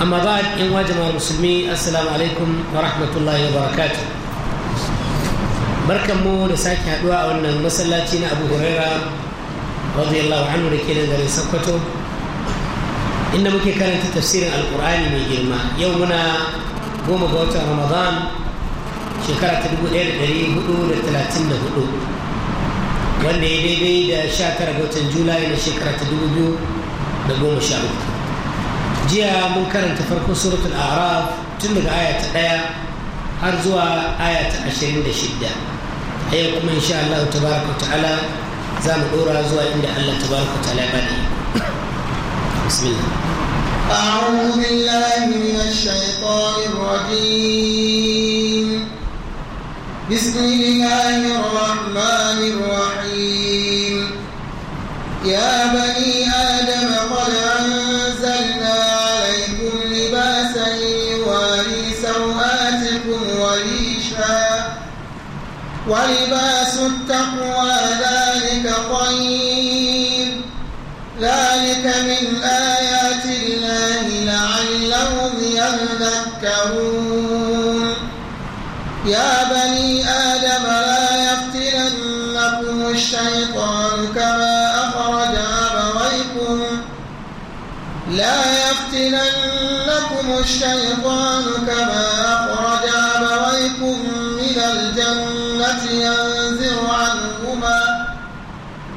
amma ba yan wajama musulmi assalamu alaikum wa rahmatullahi wa barakatu mu da sake haduwa a wannan masallaci na abu huraira radiyallahu anhu da ke nan garin inda muke karanta tafsirin alkur'ani mai girma yau muna goma ga watan ramadan shekara ta dubu ɗaya da ɗari hudu da talatin da hudu wanda ya daidai da sha tara ga watan julai na shekara ta dubu biyu da goma sha uku jiya mun karanta farkon suratul araf tun daga aya ta ɗaya har zuwa aya ta ashirin da shidda a yau kuma insha Allah tabaraka ta'ala za mu ɗora zuwa inda Allah ta tabaraka ta'ala ya bani bismillah أعوذ بالله من الشيطان الرجيم بسم الله الرحمن الرحيم يا بني ولباس التقوى ذلك خير ذلك من آيات الله لعلهم يذكرون يا بني آدم لا يفتننكم الشيطان كما أخرج أبويكم لا يفتننكم الشيطان كما أخرج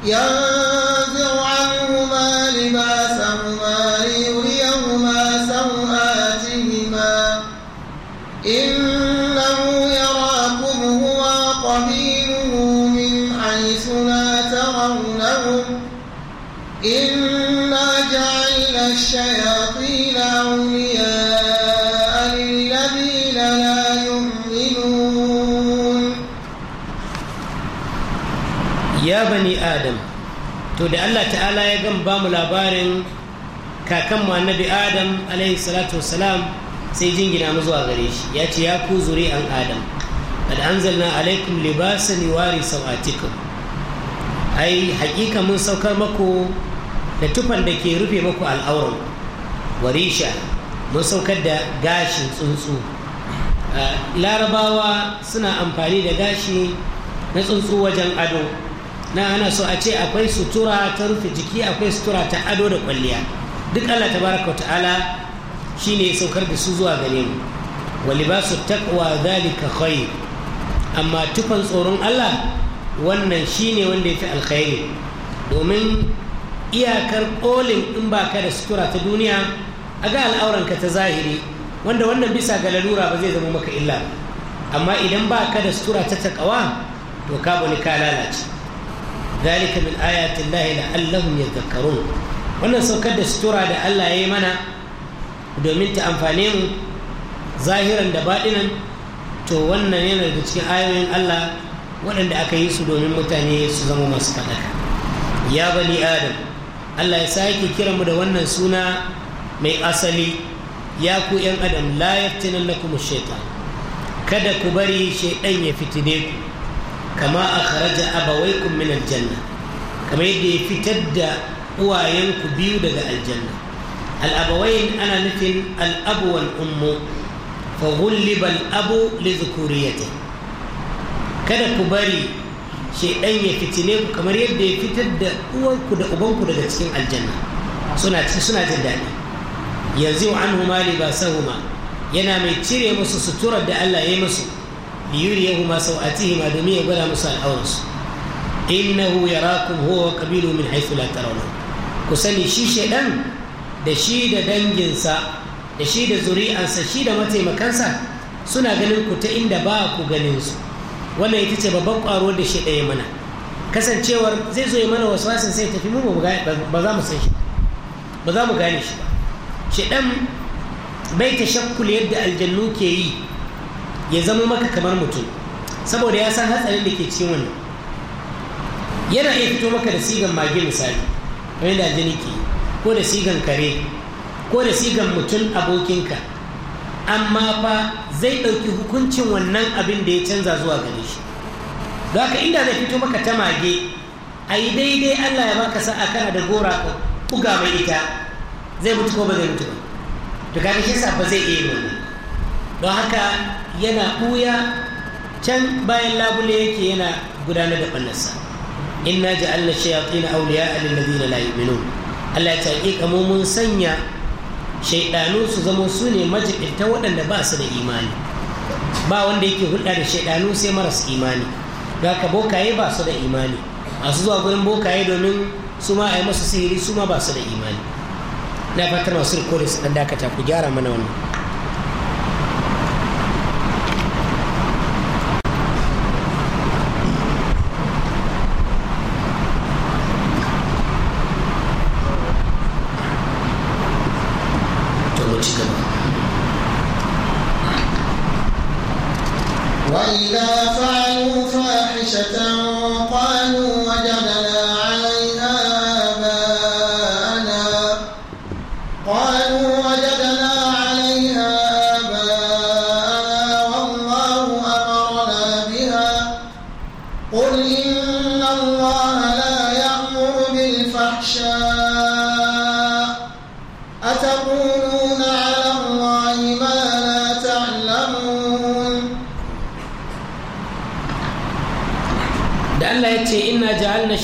ينزع عنهما لباسهما ليريهما سوآتهما إنه يراكم هو قبيله من حيث لا ترونهم إنا جعلنا الشياطين to da Allah ta'ala ya gan ba mu labarin kakan mu annabi adam alaihi salatu wasalam sai jingina mu zuwa gare shi ya ce ya ku zuri an adam qad anzalna alaikum libasan yuwari sawatikum ai hakika mun saukar muku da tufan da ke rufe maku al'auran warisha mun saukar da gashin tsuntsu larabawa suna amfani da gashi na tsuntsu wajen ado na ana so a ce akwai sutura ta rufe jiki akwai sutura ta ado da kwalliya duk allah baraka wa ta'ala ne ya saukar da su zuwa gare mu wa su takwa zalika khair amma tufan tsoron allah wannan shi ne wanda ya fi alkhairi domin iyakar kolin in ba ka da sutura ta duniya a ga al'auranka ta zahiri wanda wannan bisa ga lalura ba zai zama maka illa amma idan ba ka da sutura ta takawa to ka ka lalace ذلك من آيات الله لعلهم يذكرون wannan saukar da sutura da Allah ya yi mana domin ta amfane mu zahiran da baɗinan to wannan yana da cikin ayoyin Allah waɗanda aka yi su domin mutane su zama masu faɗaka ya bani adam Allah ya sake kira mu da wannan suna mai asali ya ku ‘yan adam la yaftinan na kuma shaitan kada ku bari shaidan ya fitine ku kama akhraja abawaykum min aljanna kamar yadda ya fitar da uwayenku biyu daga aljanna al'abawain ana nufin al'abuwan ummu fa ghulliba abu li dhukuriyati kada ku bari shaidan ya fitine ku kamar yadda ya fitar da uwarku da ubanku daga cikin aljanna suna suna jin daɗi yanzu anhuma libasahuma yana mai cire musu suturar da Allah ya yi musu liyuriyahuma sau'atihima domin ya gwada musu al'aurarsu innahu yarakum huwa wa qabilu min haythu la tarawna ku sani shi shedan da shi da danginsa da shi da zuri'ansa shi da mataimakansa suna ganin ku ta inda ba ku ganin su wannan ita ce babban ƙwaro da shi ɗaya mana kasancewar zai zo ya mana wasu wasan sai tafi mu ba za mu san shi ba shi ba bai ta shakkul yadda aljannu ke yi ya zama maka kamar mutum saboda ya san hatsarin da ke cikin wannan yana iya fito maka da sigan mage misali kamar da jini ke ko da sigan kare ko da sigan mutum abokinka amma fa zai ɗauki hukuncin wannan abin da ya canza zuwa gare shi da haka inda zai fito maka ta mage a yi daidai allah ya baka sa'a kana da gora ko mai ita zai mutu ko ba zai mutu ba to kaga shi ba zai iya yi wannan don haka yana ɓuya can bayan labule yake yana gudanar da ɓannarsa inna ya alin awliya na layi minu Allah ta taƙi mu mun sanya shaidanu su zama su ne majibinta waɗanda ba su da imani ba wanda yake hulɗa da shaidanu sai maras imani ga ka bokaye ba su da imani masu zuwa gurin bokaye domin su ma a yi masu sihiri su ma ba su da imani na fatar masu rikodin su ɗan dakata ku gyara mana wannan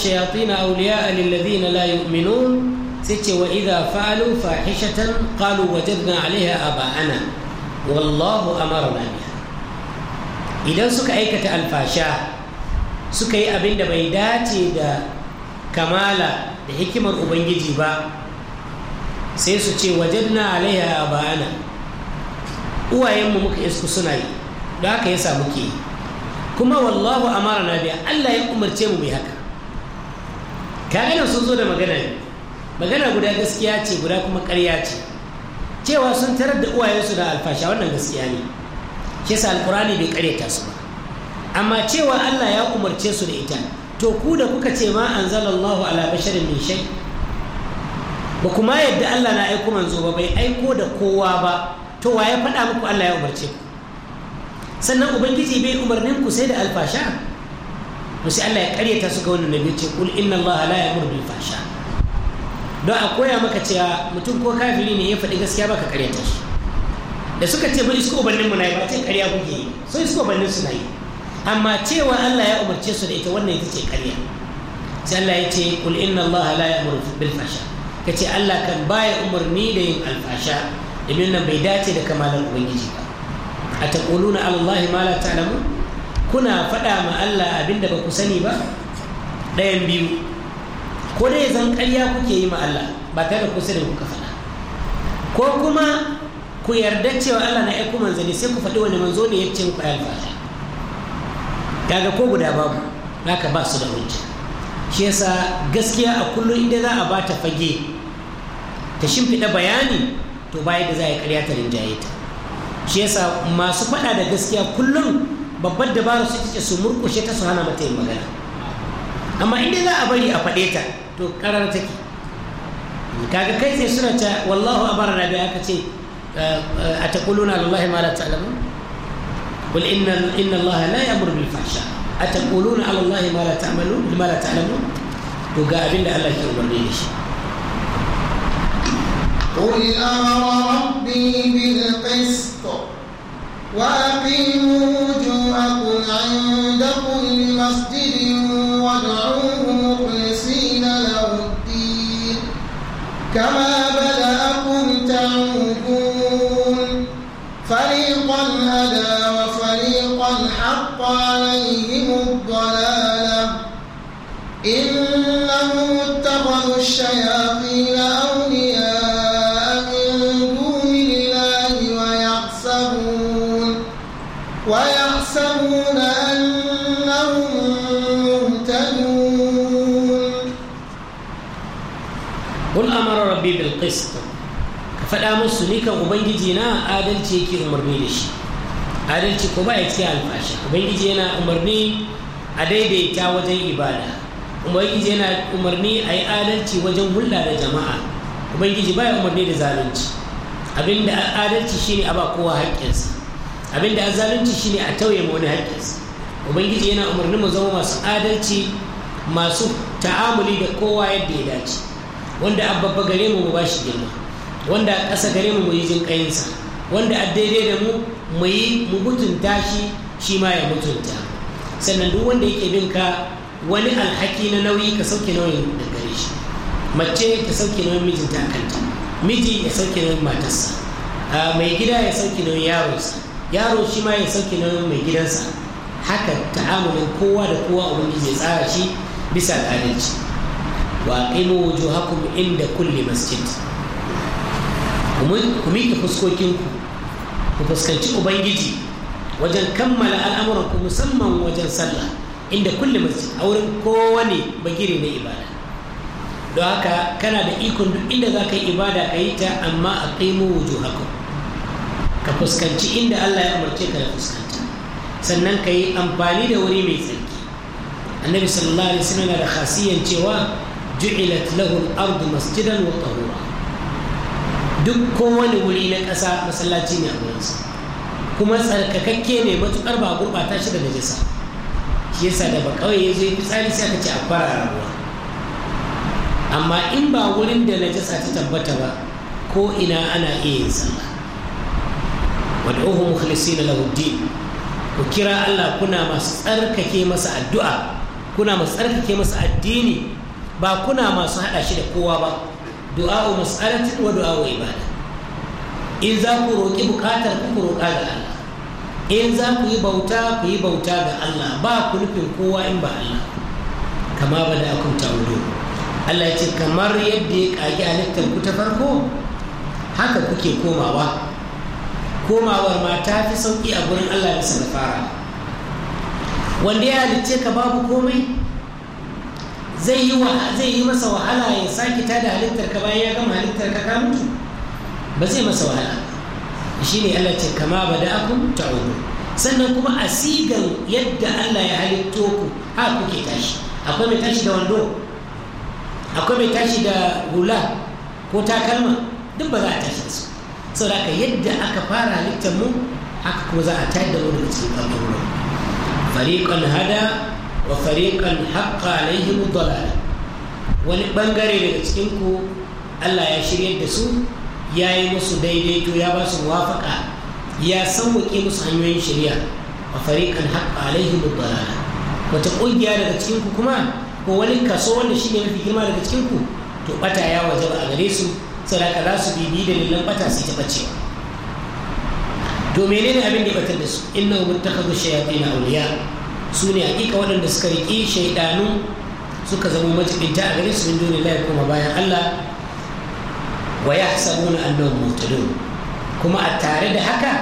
الشياطين أولياء للذين لا يؤمنون ستة وإذا فعلوا فاحشة قالوا وجدنا عليها آباءنا والله أمرنا بها إذا سك أيكة الفاشا سك أي أبن بيداتي دا كمالا da hikimar ubangiji ba sai su ce wajadna alaiha ba'ana uwayenmu muka isku suna yi da haka yasa kuma wallahu amara na biya allah ya umarce mu haka kaganan sun zo da magana ne magana guda gaskiya ce guda kuma karya ce cewa sun tarar da uwayensu da alfasha wannan gaskiya ne ke sa alkurani bai karyata su ba amma cewa allah ya umarce su da ita to ku da kuka ce ma an allahu ala basharin min shai ba kuma yadda allah na aiko manzo ba bai aiko da kowa ba to wa ya faɗa muku allah ya umarce ku sannan ubangiji bai umarnin ku sai da alfasha to sai Allah ya karyata su ga wannan nabi ce kul inna Allah la ya'muru bil fahsha don a koya maka cewa mutum ko kafiri ne ya faɗi gaskiya baka karyata shi da suka ce bari su ubannin mu na yi ba ce karya kuke yi sai su ubannin su na yi amma cewa Allah ya umarce su da ita wannan ita ce karya sai Allah ya ce kul inna Allah la ya'muru bil fasha kace Allah kan baya umarni da yin alfasha domin nan bai dace da kamalan ubangiji ba ataquluna ala Allah ma la ta'lamun kuna faɗa ma Allah abinda ba ku sani ba ɗayan biyu ko dai zan ƙarya kuke yi ma Allah ba tare da ku sani kuka faɗa ko kuma ku yarda cewa Allah na aiko manzanni sai ku faɗi wani manzo ne ya ce muku Daga ko guda babu naka ba su da hujja shi yasa gaskiya a kullum inda za a bata fage ta shimfiɗa bayani to baya da za a yi ƙarya ta rinjaye ta shi yasa masu faɗa da gaskiya kullum babbar dabarar su ce su murkushe ta su hana mata yin magana amma inda za a bari a faɗe ta to karar take kaga kai sai suna ta wallahu abar rabi aka ce a taquluna lillahi ma la ta'lamun qul inna inna allaha la ya'muru bil fahsha ataquluna ala allahi ma la ta'malun ma la ta'lamun to ga abinda Allah ke umarni da shi قل أمر ربي بالقسط وأقيموا وجوهكم عند كل مسجد وادعوه مخلصين له الدين كما بدأكم تعودون فريقا هدى وفريقا حق عليهم الضلالة إنهم اتخذوا الشياطين أولياء من دون الله ويحسبون ويحسبون أنهم مهتدون قل أمر ربي بالقسط فلا مسلك أبيجينا آدل تيكي أمر ميلشي آدل تيكو باية تيا الفاشا أبيجينا أمر ميل وجه إبادة Ubangiji yana umarni a yi adalci wajen hulɗa da jama'a Ubangiji baya umarni da zalunci abinda adalci shine a ba kowa haƙƙinsa abin da zalunci shine a tauye ma wani haƙƙinsa ubangiji yana umarni mu zama masu adalci masu ta'amuli da kowa yadda ya dace wanda a babba gare mu mu bashi girma wanda a ƙasa gare mu mu yi jin ƙayinsa wanda a daidai da mu mu yi mu mutunta shi shi ma ya mutunta sannan duk wanda yake bin ka wani alhaki na nauyi ka sauke nauyin da gare shi mace ta sauke nauyin mijinta a kanta miji ya sauke nauyin matarsa ah, mai gida ya sauke nauyin yaronsa yaro shi ma ya sauke nauyin mai gidansa haka ta'amulin kowa da kowa ubangiji ya tsara shi bisa da adalci wa qimu wujuhakum inda kulli masjid ku miƙe fuskokinku ku fuskanci ubangiji wajen kammala al'amuranku musamman wajen sallah inda kulli masjid a wurin kowane bagire na ibada don haka kana da ikon duk inda za ka yi ibada ka yi ta amma a qimu wujuhakum ka fuskanci inda Allah ya umarce ka da fuskanta sannan ka yi amfani da wuri mai tsarki annabi sallallahu alaihi wasallam yana da khasiyan cewa ju'ilat lahu al-ardu masjidan wa tahura duk kowane wuri na ƙasa masallaci ne a wurinsa kuma tsarkakakke ne matukar ba gurbata shi da najasa shi yasa da ba kawai ya zo yi fitsari sai ka ce a fara rabuwa amma in ba wurin da najasa ta tabbata ba ko ina ana iya yin sallah wad'uhu mukhlisina lahu din ku kira Allah kuna masu tsarkake masa addu'a kuna masu tsarkake masa addini ba kuna masu haɗa shi da kowa ba du'a'u mas'alatin wa du'a'u ibada in za ku roƙi buƙatar ku ku roƙa ga Allah in za ku yi bauta ku yi bauta ga Allah ba ku nufin kowa in ba Allah kama ba da ta ta'udu Allah ya ce kamar yadda ya ƙage halittar ku ta farko haka kuke komawa komawar ma ta fi sauƙi a gurin Allah bisa da fara wanda ya halicce ka babu komai zai yi masa wahala ya sake ta da halittar ka bayan ya gama halittar ka ka mutu ba zai masa wahala shi ne Allah ce kama ba da ta ta'udu sannan kuma a sigan yadda Allah ya halitto ku ha kuke tashi akwai mai tashi da wando akwai mai tashi da hula ko takalma duk ba za a tashi da su saboda aka yadda aka fara halittar mu haka kuma za a tayar da mu daga cikin kaburin fariƙan hada wa fariƙan haqqa alaihim dalal wani ɓangare daga cikin ku Allah ya shirya da su ya yi musu daidaito ya ba su wafaka ya sauwaƙe musu hanyoyin shari'a a fariƙan haƙa alaihim dalala wata ƙungiya daga cikinku kuma ko wani kaso wanda shi ne mafi girma daga cikinku to ɓata ya waje ba a gare su saboda za su bibi da lullun bata su ta bace. to menene abin da batar da su inna muttakhadhu shayatin awliya su ne hakika waɗanda suka riƙe shaidanu suka zama majibinta a gare su min dole lai kuma bayan Allah wa yahsabuna annahum muhtadun kuma a tare da haka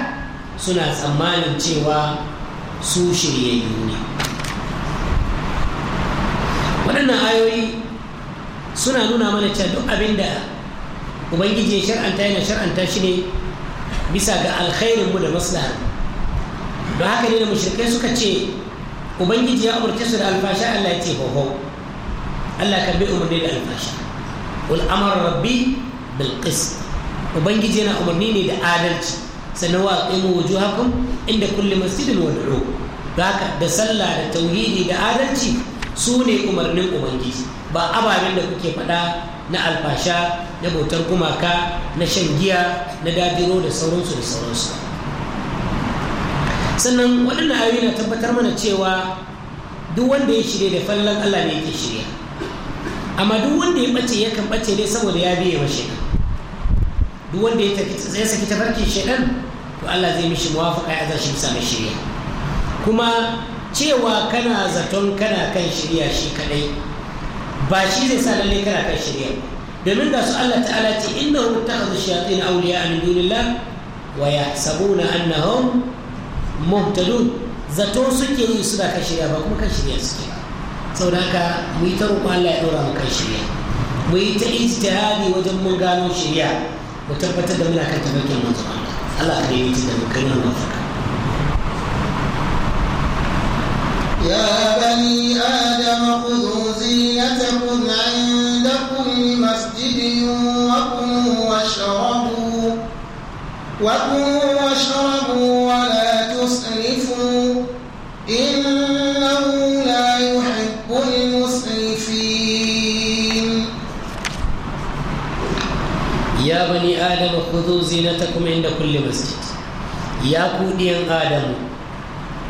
suna tsammanin cewa su shiryayyu ne waɗannan ayoyi suna nuna mana cewa duk abin da ubangiji ya shar'anta yana shar'anta shi ne bisa ga alkhairin mu da maslahar ba haka ne da mushrikai suka ce ubangiji ya umarce su da alfasha Allah ya ce hoho Allah kan bi umarni da alfasha wal amara rabbi bil qist ubangiji yana umarni ne da adalci sannan wa qimu wujuhakum inda kulli masjidin wa ba haka da sallah da tauhidi da adalci su ne umarnin ubangiji ba ababen da kuke faɗa na alfasha na bautar gumaka na shan giya na dadiro da sauransu da sauransu sannan waɗannan ayoyi na tabbatar mana cewa duk wanda ya shirya da fallon allah ne yake shirya amma duk wanda ya ɓace yakan ɓace ne saboda ya biye mashi duk wanda ya tafi ya saki tafarkin to allah zai mishi muwafaka ya zashi bisa mai shirya kuma cewa kana zaton kana kan shirya shi kaɗai ba shi zai sa lallai kana kan shirya domin ga su Allah ta'ala ce inna hum takhadhu shayatin awliya min dunillah wa na annahum muhtadun zato suke yi suna kan shirya ba kuma kan shirya suke saboda haka mu yi ta roƙon Allah ya ɗora mu kan shirya mu yi ta ijtihadi wajen mun gano shirya mu tabbatar da muna kan tabbakin manzo Allah ka yi ta da mu kai nan mafaka يا بني آدم خذوا زينتكم عند واشربوا وكلوا واشربوا ولا تسرفوا إنه لا يحب المسرفين يا بني آدم خذوا زينتكم عند كل مسجد يا كودين آدم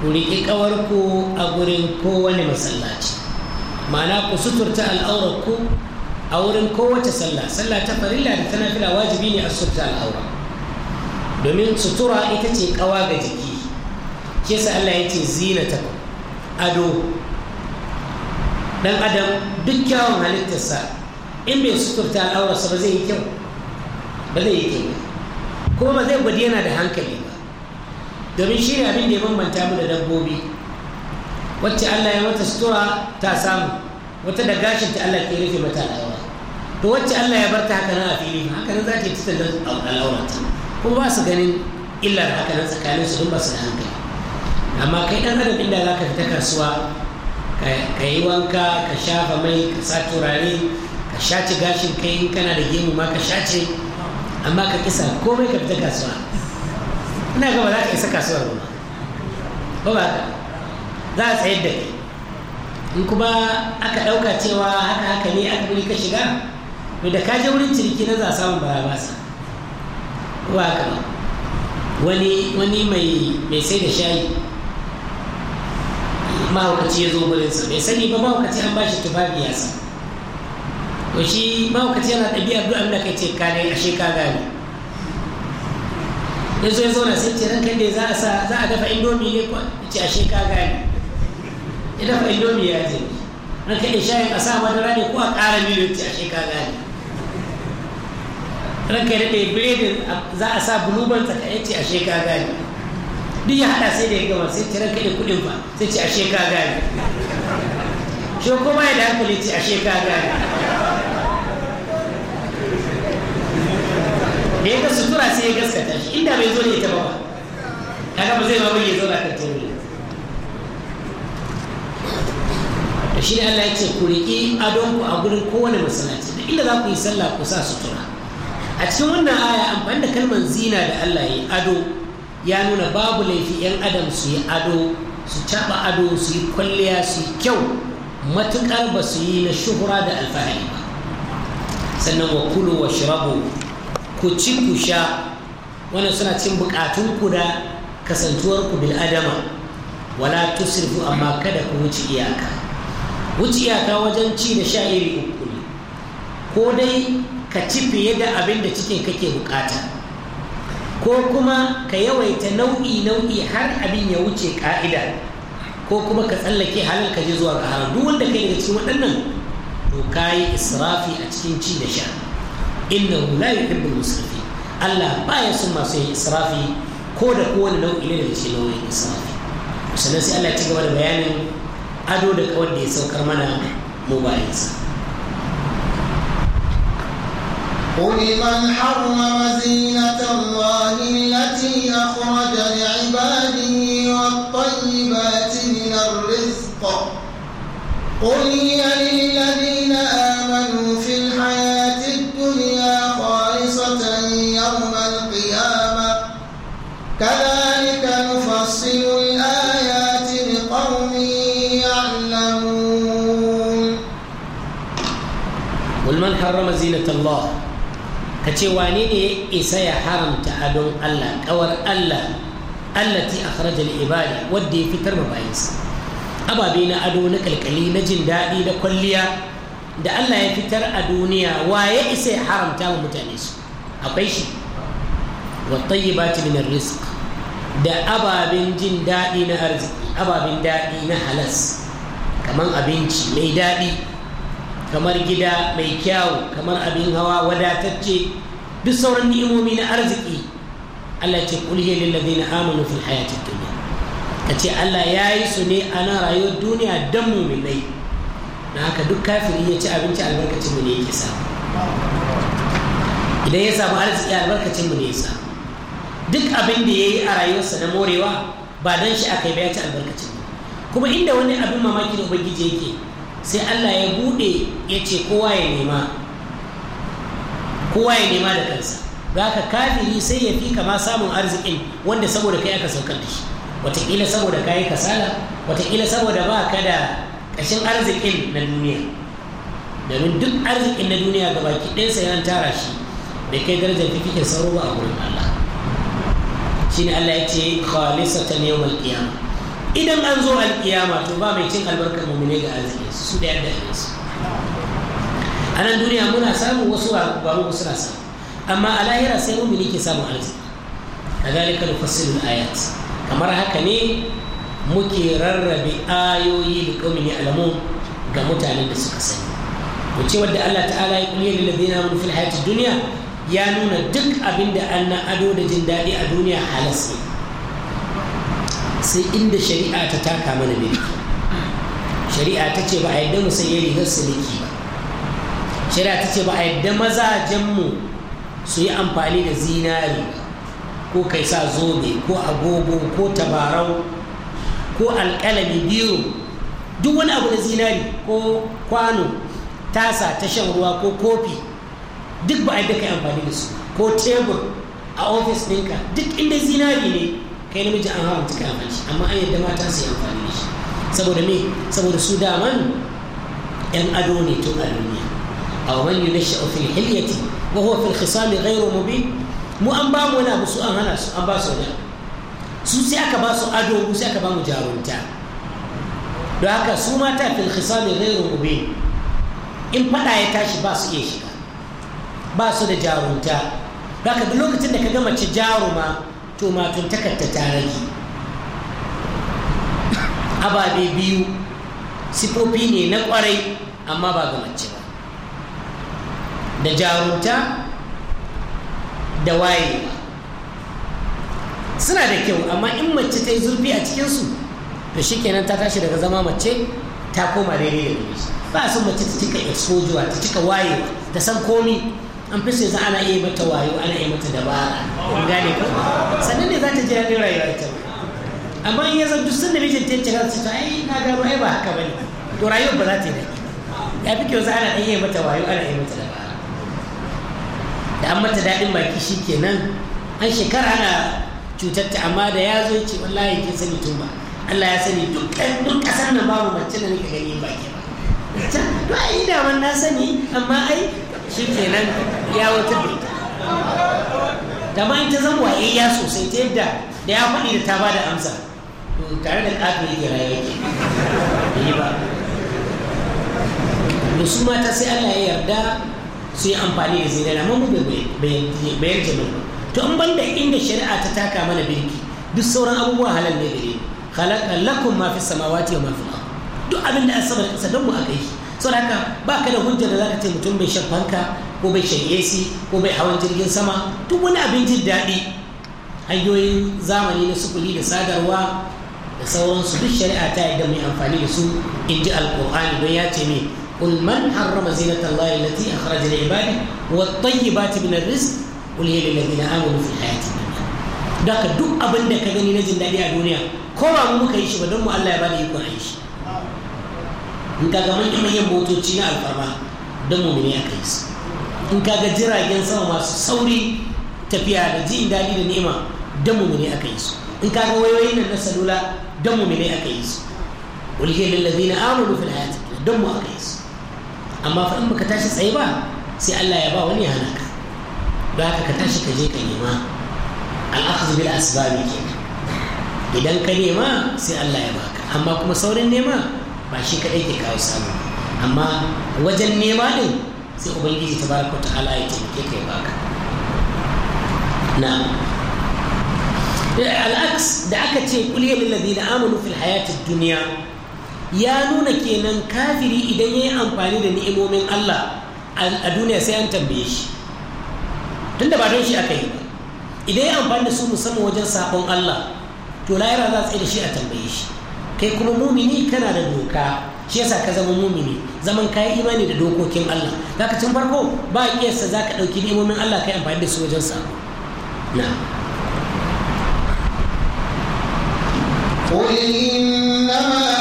ولكي كوركو أبرين كواني مسلاتي ma'ana ku suturta al'aurarku a wurin kowace sallah sallah ta farilla da tana fila wajibi ne a sutura al'aura domin sutura ita ce kawa ga jiki Ke sa Allah ya ce ta ado dan adam duk kyawun halittarsa in bai suturta al'aurarsa ba zai yi kyau ba zai yi kyau kuma ba zai gwadi yana da hankali ba domin shi ne abin da ya bambanta mu da dabbobi wacce Allah ya mata sutura ta samu wata da gashin ta Allah ke rufe mata al'aura to wacce Allah ya barta haka nan a fili haka nan za ta yi da al'aurata kuma ba su ganin illar haka nan tsakanin su don ba su da hankali amma kai dan adam inda za ka fita kasuwa ka yi wanka ka shafa mai ka sa turare ka shace gashin kai in kana da gemu ma ka shace amma ka kisa komai ka fita kasuwa ina ga ba za ka isa kasuwar ba ko ba za a tsayar da kai in kuma aka ɗauka cewa haka haka ne aka wuri ka shiga mai da kaji wurin ciniki na za samun baya ba su ba haka wani mai mai sai da shayi mahaukaci ya zo wurinsa Mai sani ba mahaukaci an shi tufafi ya su ko shi mahaukaci yana ɗabi'a duk abin da kai ce kare ne shi kaga ne ya zo ya zauna sai ce ranka ne za a sa za a dafa indomi ne ko ce shi kaga ne ya dafa indomi ya je ranka ne shayin a sa madara ne ko a ƙara milo ce shi kaga ne. ranka ya daɗe biredin za a sa buluban ta ya ce ashe ka gani duk ya haɗa sai da ya gama sai ta ranka da kuɗin ba sai ce ashe ka gani shi ko ma ya da hankali ce ashe ka gani da ya ga sutura sai ya gaskata shi inda bai zo ne ta ba ta gaba zai ma bai zo da kan tauri da shi ne Allah ya ce ku riƙi adonku a gurin kowane masalaci da inda za ku yi sallah ku sa sutura a cikin wannan aya amfani da kalmar zina da Allah ya yi ado ya nuna babu laifi 'yan adam su yi ado su taɓa ado su yi kwalliya su yi kyau matuƙar ba su yi na shuhura da alfahari ba sannan wa kulu wa shirabu ku ci ku sha wannan suna cin buƙatun ku da kasantuwar ku bil adama wala tusrifu amma kada ku wuce iyaka wuce iyaka wajen ci da sha iri uku ko dai ka ci fiye da abin da cikin kake bukata ko kuma ka yawaita nau'i nau'i har abin ya wuce ka'ida ko kuma ka tsallake halin ka je zuwa ga haram duk wanda kai daga cikin waɗannan to kayi israfi a cikin ci da sha inna la yuhibbul musrifin Allah baya son masu yin israfi ko da kowane nau'i ne da cikin nau'in israfi sannan sai Allah ya ci gaba da bayanin ado da kawar da ya saukar mana mu sa قل من حرم زينة الله التي أخرج لعباده والطيبات من الرزق قل هي للذين آمنوا في الحياة الدنيا خالصة يوم القيامة كذلك نفصل الآيات لقوم يعلمون قل من حرم زينة الله ka ce wane ne ya isa ya haramta adon Allah kawar Allah allati akhraja lil ibadi wadda ya fitar ma bayansa ababe na ado na kalkali na jin daɗi na kwalliya da Allah ya fitar a duniya waye isa ya haramta wa mutane su akwai shi wa tayyibati min rizq da ababen jin daɗi na arziki ababen daɗi na halas kamar abinci mai daɗi kamar gida mai kyawu kamar abin hawa wadatacce duk sauran ni'imomi na arziki Allah ce kul hiya lil ladina amanu fil hayati dunya kace Allah yayi su ne ana rayuwar duniya dan mu'minai dan haka duk kafiri ya ci abinci albarkacin mu ne yake sa. idan ya samu arziki albarkacin mu ne ya sa. duk abin da yayi a rayuwarsa na morewa ba dan shi akai ba ya ci albarkacin kuma inda wani abin mamakin da ubangiji yake sai Allah ya bude ya ce kowa ya nema kowa ya nema da kansa za ka kafiri sai ya fi kama samun arzikin wanda saboda kai aka saukar da shi wataƙila saboda kayi kasala wataƙila saboda ba ka da ƙashin arzikin na duniya domin duk arzikin na duniya ga baki ɗinsa yana tara shi da kai darajar fifikin sauro ba a wurin Allah shi ne Allah ya ce ta neman kiyama idan an zo alkiyama to ba mai cin albarkar mummune ga arziki su da yadda ne su a nan duniya muna samun wasu a babu wasu na samu amma a lahira sai mummuni ke samun arziki a zalika da fasirin ayat kamar haka ne muke rarrabe ayoyi da kaumini alamu ga mutanen da suka sani ce wadda Allah ta'ala ya kulle da ladina mun fil hayatid duniya ya nuna duk abinda da an na ado da jin daɗi a duniya halas sai inda shari'a ta taka mana ne shari'a ta ce ba a yadda mu yari har siliki ba shari'a ta ce ba a yadda mazajenmu su yi amfani da zinari ko kai sa zobe ko agogo ko tabarau ko alƙalami biyu duk wani abu da zinari ko kwano tasa ta shan ruwa ko kofi duk ba a yadda kai amfani da su ko tebur a ofis ɗinka duk inda zinari ne kai namiji an haramta kai amfani shi amma an yadda mata su yi amfani da shi saboda me saboda su daman yan ado ne tun a duniya aw man yunashu fil hilyati wa huwa fil khisami ghayru mubin mu an ba mu wani abu su an hana su an ba su wani su sai aka ba su ado mu sai aka ba mu jarumta don haka su mata fil khisami ghayru mubin in fada ya tashi ba su iya shiga ba su da jarumta don haka duk lokacin da ka ga mace jaruma to matuntakar ta rage ababe biyu sifofi ne na kwarai amma ba ga mace ba da jarunta da waye suna da kyau amma in mace ta yi zurfi a cikinsu to shi kenan ta tashi daga zama mace ta koma daidai da ba su mace ta cika exposure ta cika waye ta san komi an fi sai ana iya mata wayo ana iya mata dabara kun gane ko sannan ne za ta ji daɗin rayuwa ita amma in ya zan duk sun da mijin ta za su ta ai na gano ai ba haka bane to rayuwar ba za ta yi da ya fi kyau za ana iya mata wayo ana iya mata dabara da an mata daɗin baki shi kenan an shekara ana cutar ta amma da ya zo ya ce wallahi kin sani tun ba Allah ya sani duk ƙasar nan babu mace da nake gani baki ba a yi da na sani amma ai shi kenan ya wata bai da ma in ta zama wa iya sosai ta yadda da ya faɗi da ta ba da amsa tare da ƙafin yake rayuwa yake yi ba da su mata sai Allah ya yarda su yi amfani da zinari amma mu bai yarda ba to in banda inda shari'a ta taka mana birki duk sauran abubuwa halal ne gare khalaqa lakum ma fi samawati wa ma fil ard duk abin da asaba da kasa don mu aka yi sau da haka ba ka da hujjar da za ka ce mutum bai shan fanka ko bai shan ko bai hawan jirgin sama duk wani abin jin daɗi hanyoyin zamani na sufuri da sadarwa da sauransu duk shari'a ta da mai amfani da su in ji alƙur'ani don ya ce mai قل من حرم زينة الله التي أخرج لعباده والطيبات من الرزق قل هي للذين آمنوا في الحياة الدنيا دك دك أبن دك غني نجن دادي الدنيا كما مو كيش بدون الله يبالي يكون عيش in kaga ga manyan manyan motoci na alfarma don mu ne aka yi su in kaga jiragen sama masu sauri tafiya da ji daɗi da ni'ima don mu ne aka yi su in kaga wayoyin nan na salula don mu ne aka yi su ulhiya lillazina amanu fil hayati don mu aka yi su amma fa in baka tashi tsaye ba sai Allah ya ba wani ya hana ka don haka ka tashi ka je ka nema al'akhdhu bil asbabi kenan idan ka nema sai Allah ya baka amma kuma saurin nema ba shi kadai ke kawo samu amma wajen nema ne sai ubangiji ta baraka ta'ala ya taimake ka ya baka na al'aks da aka ce kuliyar lalazina amanu fil hayatid duniya ya nuna kenan kafiri idan ya yi amfani da ni'imomin Allah a duniya sai an tambaye shi tunda ba don shi aka yi ba idan ya amfani da su musamman wajen sabon Allah to layara za su da shi a tambaye shi kai kuma mumini kana da doka shi yasa ka zama mumini zaman ka yi imani da dokokin Allah zaka cin farko ba kiyarsa zaka dauki nemomin Allah kai amfani da su wajen sa na قل إنما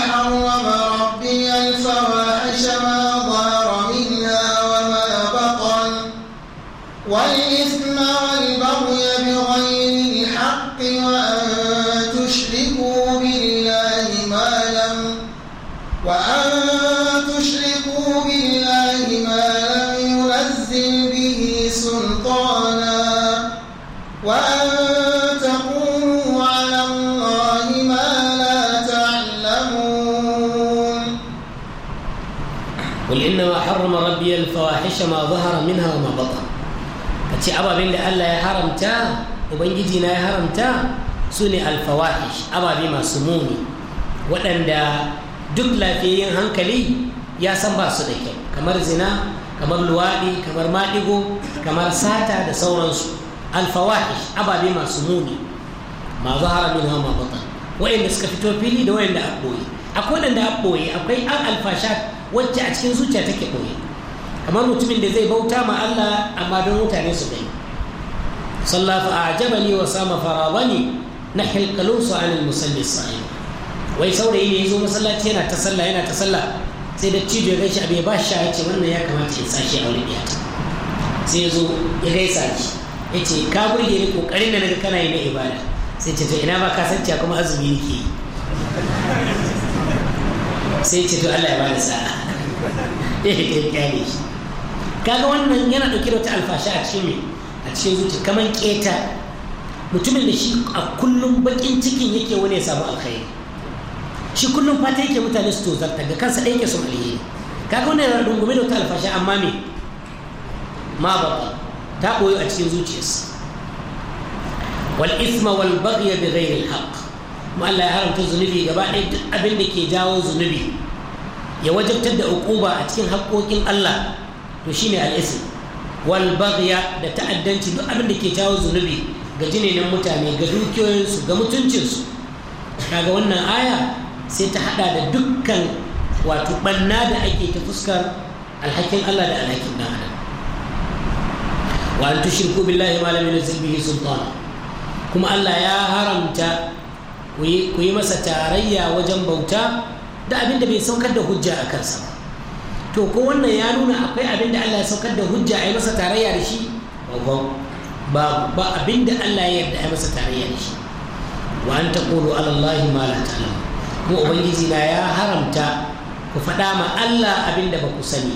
fawahisha ma ababen da Allah ya haramta ubangiji na ya haramta su ne duk lafiyayyen hankali ya san ba su da kyau zina kamar luwaɗi kamar maɗigo kamar sata da sauransu alfawahish ababe masu fito fili da waɗanda a ɓoye akwai an alfasha wacce a cikin zuciya take ɓoye amma mutumin da zai bauta ma Allah amma don mutane su gani sallafa a ajabani wa sama farabani na hilkalunsu an musalli sa'in wai saurayi ne ya zo masallaci yana ta sallah yana ta sallah sai da cijo ya gaishe abin ba shi ya ce wannan ya kamata ya sashi a wani biyar. sai ya zo ya gaisa shi ya ce ka burge ni kokarin da naga kana yi na ibada sai ce to ina ba ka sanci kuma azumi yake yi sai ce to Allah ya bani sa'a ya kyale shi kaga wannan yana ɗauke da wata alfasha a cikin a cikin zuciya kamar keta mutumin da shi a kullum bakin cikin yake wani ya samu alkhairi shi kullum fata yake mutane su tozarta ga kansa ɗaya yake son alheri kaga wannan yana rungume da wata alfasha amma me ma ba ta koyo a cikin zuciyarsa wal isma wal baghy bi ghayri al haqq ma Allah ya haramta zunubi gaba ɗaya duk abin da ke jawo zunubi ya wajabtar da uquba a cikin haƙƙoƙin Allah to shine al'isi wal da ta'addanci duk abin da ke jawo zunubi ga jininan mutane ga dukiyoyinsu ga mutuncinsu kaga wannan aya sai ta hada da dukkan wato banna da ake ta fuskar alhakin Allah da alhakin dan adam wa an tushriku billahi ma lam yunzil kuma Allah ya haramta ku yi masa tarayya wajen bauta da abin da bai saukar da hujja a kansa to ko wannan ya nuna akwai abin da Allah ya saukar da hujja a yi masa tarayya da shi ba abin da Allah ya yarda a yi masa tarayya da shi wa an ta ala alallahi ma la ta'ala ko ubangiji na ya haramta ku faɗa ma Allah abin da ba ku sani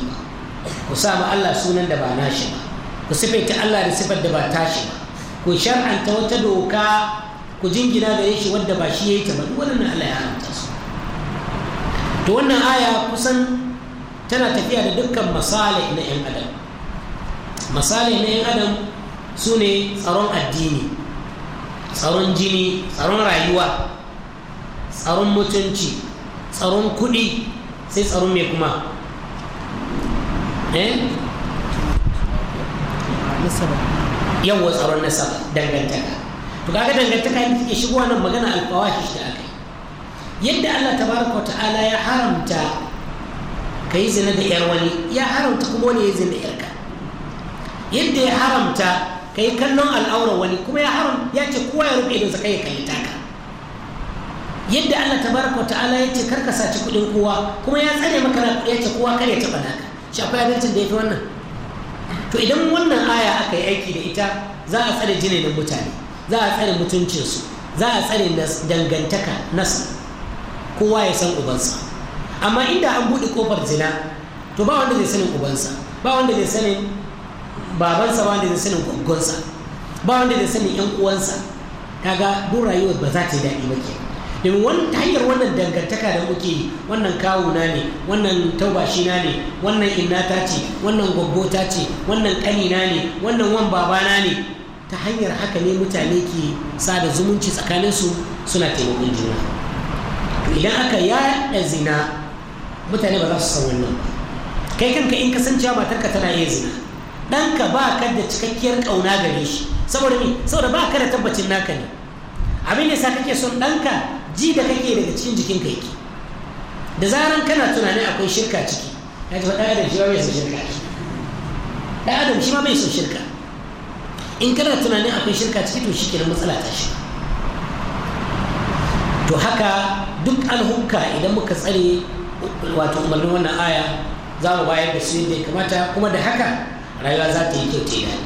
ba ku sa ma Allah sunan da ba nashi ba ku sifaita Allah da sifar da ba tashi ba ku shar'anta wata doka ku jingina da yashi wadda ba shi ya yi ta ba duk wannan Allah ya haramta su to wannan aya kusan tana tafiya da dukkan masale na 'yan adam masale na 'yan adam su ne tsaron addini tsaron jini tsaron rayuwa tsaron mutunci tsaron kuɗi sai tsaron mai kuma eh yawa tsaron nasaba dangantaka to kaga dangantaka yadda take shigo nan magana shi da aka yi yadda Allah tabaraka wa ta'ala ya haramta ka yi zina da yar wani ya haramta kuma wani ya zina da yarka yadda ya haramta ka yi kallon al'aurar wani kuma ya haram ya ce kowa ya rufe idonsa kai ya kalli taka yadda Allah tabaraka ta'ala ya ce karka saci kuɗin kowa kuma ya tsare maka ya ce kowa kar ya taɓa naka shi akwai abincin da ya fi wannan to idan wannan aya aka yi aiki da ita za a tsare jini na mutane za a tsare mutuncinsu za a tsare dangantaka nasu kowa ya san ubansa amma inda an buɗe ƙofar zina to ba wanda zai sanin ubansa ba wanda zai sanin babansa ba wanda zai sanin gwaggonsa ba wanda zai sanin yan uwansa kaga duk rayuwar ba za ta yi daɗi ba ke domin wani ta hanyar wannan dangantaka da muke wannan wannan kawuna ne wannan taubashina ne wannan inna ta ce wannan gwaggo ta ce wannan na ne wannan wan na ne ta hanyar haka ne mutane ke sada zumunci tsakaninsu suna taimakon juna idan aka yaɗa zina mutane ba za su san wannan kai kanka in kasancewa matarka tana iya zina ɗanka ba ka da cikakkiyar ƙauna gare shi saboda me saboda ba ka da tabbacin naka ne abin da sa kake son ɗanka ji da kake daga cikin jikinka yake da zaran kana tunanin akwai shirka ciki ya ji faɗa da jiwa ma son shirka ɗan adam shi ma bai son shirka in kana tunanin akwai shirka ciki to shi kenan matsala ta shi to haka duk alhukka idan muka tsare wato umarnin wannan aya za mu bayar da su yadda ya kamata kuma da haka rayuwa za ta yi kyau ta yi daɗi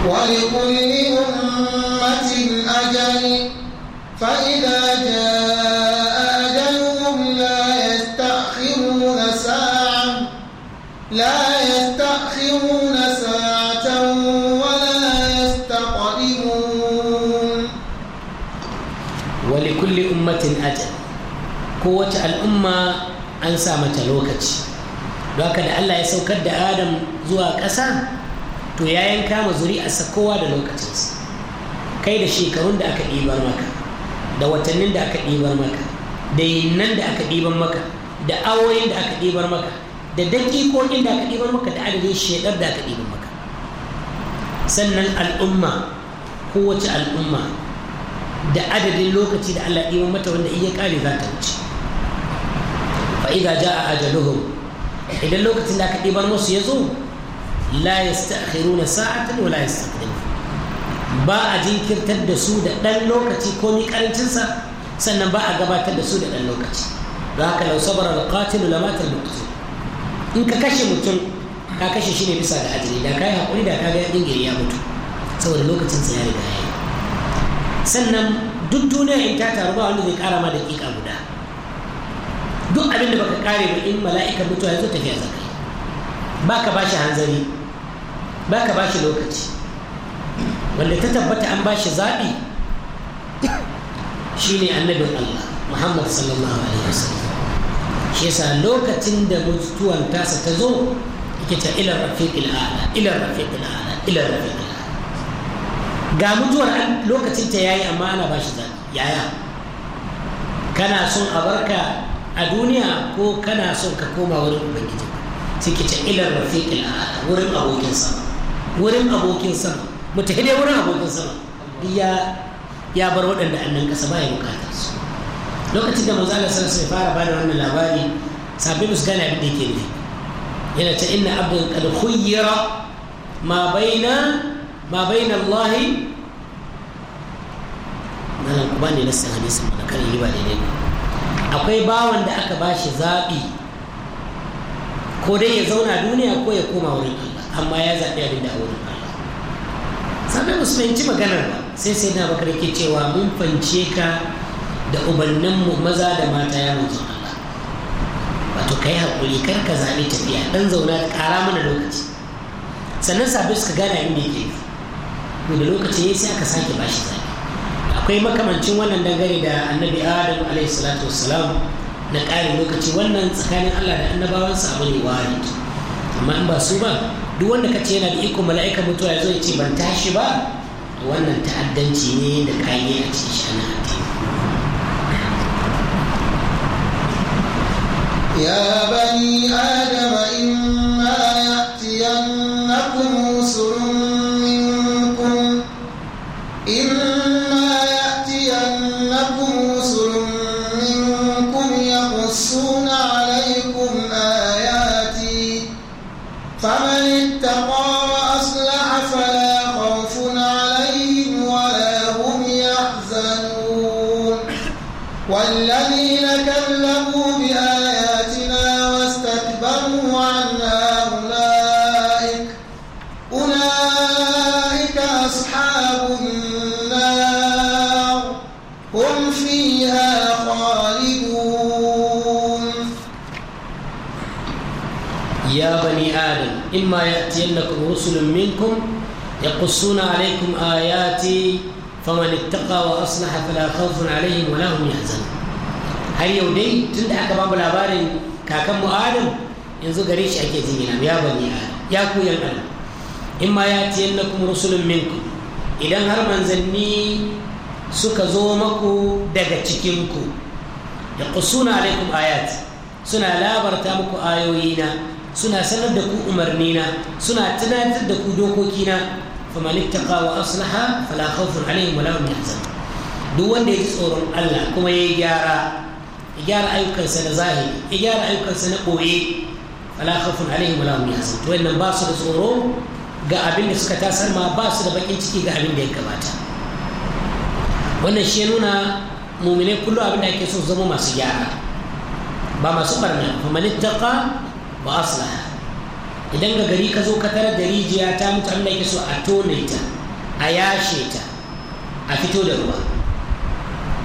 ولكل أمة أجل فإذا جاء أجلهم لا يستأخرون ساعة لا يستأخرون ajal kowace al'umma an sa mata lokaci don haka da Allah ya saukar da Adam zuwa ƙasa to ya yanka ma zuri'arsa kowa da lokacinsa kai da shekarun da aka ɗibar maka da watannin da aka ɗibar maka da yinnan da aka ɗibar maka da awoyin da aka ɗibar maka da daƙiƙoƙin da aka ɗibar maka da adadin shekar da aka ɗibar maka sannan al'umma kowace al'umma da adadin lokaci da Allah ɗiwa mata wanda iya kare za ta wuce Fa'iza ja a ajaluhum idan lokacin da aka ɗibar musu ya zo la yasta'khiruna sa'atan wa la yastaqdimu ba a jinkirtar da su da ɗan lokaci ko ni karancinsa sannan ba a gabatar da su da ɗan lokaci don haka lau sabara da qatilu la matar muqtil in ka kashe mutum ka kashe shi ne bisa da ajali da kai haƙuri da ka ga dingiri ya mutu saboda lokacinsa ya riga ya yi sannan duk duniya in ta taru ba wanda zai kara ma daƙiƙa guda duk abin da baka kare ba in mala'ika mutuwa yanzu tafiya za ka ba ka ba shi hanzari ba ka ba shi lokaci wanda ta tabbata an ba shi zaɓi shi ne annabin Allah Muhammad sallallahu alaihi wasallam shi yasa lokacin da mutuwan tasa ta zo ita ilar rafiqil a'la ilar rafiqil a'la ilar rafiqil ga mutuwar lokacin ta yayi amma ana ba shi zaɓi yaya kana son a barka a duniya ko kana son ka koma wurin ubangiji suke ta ilar rafiqil a'ala wurin abokin sama wurin abokin sama mu wurin abokin sama ya ya bar waɗanda annan kasa ba ya bukata su lokacin da manzo Allah sai fara bada wannan labari sabbin su gane abin da yake ne yana ta inna abdan qad khuyyira ma baina ma bayna Allah malam ku bani nassin hadisin mana kan yi ba daidai akwai bawan da aka bashi zaɓi ko dai ya zauna duniya ko ya koma wurin Allah amma ya zabi abin da wurin Allah sabai musulunci maganar ba sai sai na bakar ke cewa mun fance ka da ubanninmu maza da mata ya manzon Allah wato ka yi haƙuri kar ka zaɓi tafiya ɗan zauna ƙara mana lokaci sannan sabbin suka gane inda yake yi to da lokaci ya sai aka sake bashi shi akwai makamancin wannan dangane da annabi adam alaihi salatu wassalam na ƙarin lokaci wannan tsakanin allah da annabawansa abu ne wari amma in ba su ba duk wanda ka ce yana da iko mala'ika mutuwa ya zo ya ce ban tashi ba wannan ta'addanci ne da kayi a cikin shanin ya bani adama in ma إما يأتينكم رسل منكم يقصون عليكم آياتي فمن اتقى وأصلح فلا خوف عليهم ولا هم يحزنون har yau dai tun da aka babu labarin kakanmu adam yanzu gare shi ake jingina ya ya ku yan adam ya tiyan na kuma rusulun minku idan har manzanni suka zo maku daga cikinku da alaikum ayat suna labarta muku ayoyina suna sanar da ku umarnina suna tunatar da ku dokokina faman ittaqa wa aslaha fala khawfun alaihim wala hum yahzanun duk wanda ya ji tsoron Allah kuma ya gyara ya gyara ayyukansa na zahiri ya gyara ayyukansa na ɓoye fala khawfun alaihim wala hum yahzanun to wannan ba su da tsoro ga abin da suka tasar ma ba su da bakin ciki ga abin da ya gabata wannan shi nuna muminai kullum abin da ake so zama masu gyara ba masu barna faman ittaqa ba na idan ga gari ka zo ka tarar da rijiya ta mutu abin da so a tone ta a yashe ta a fito da ruwa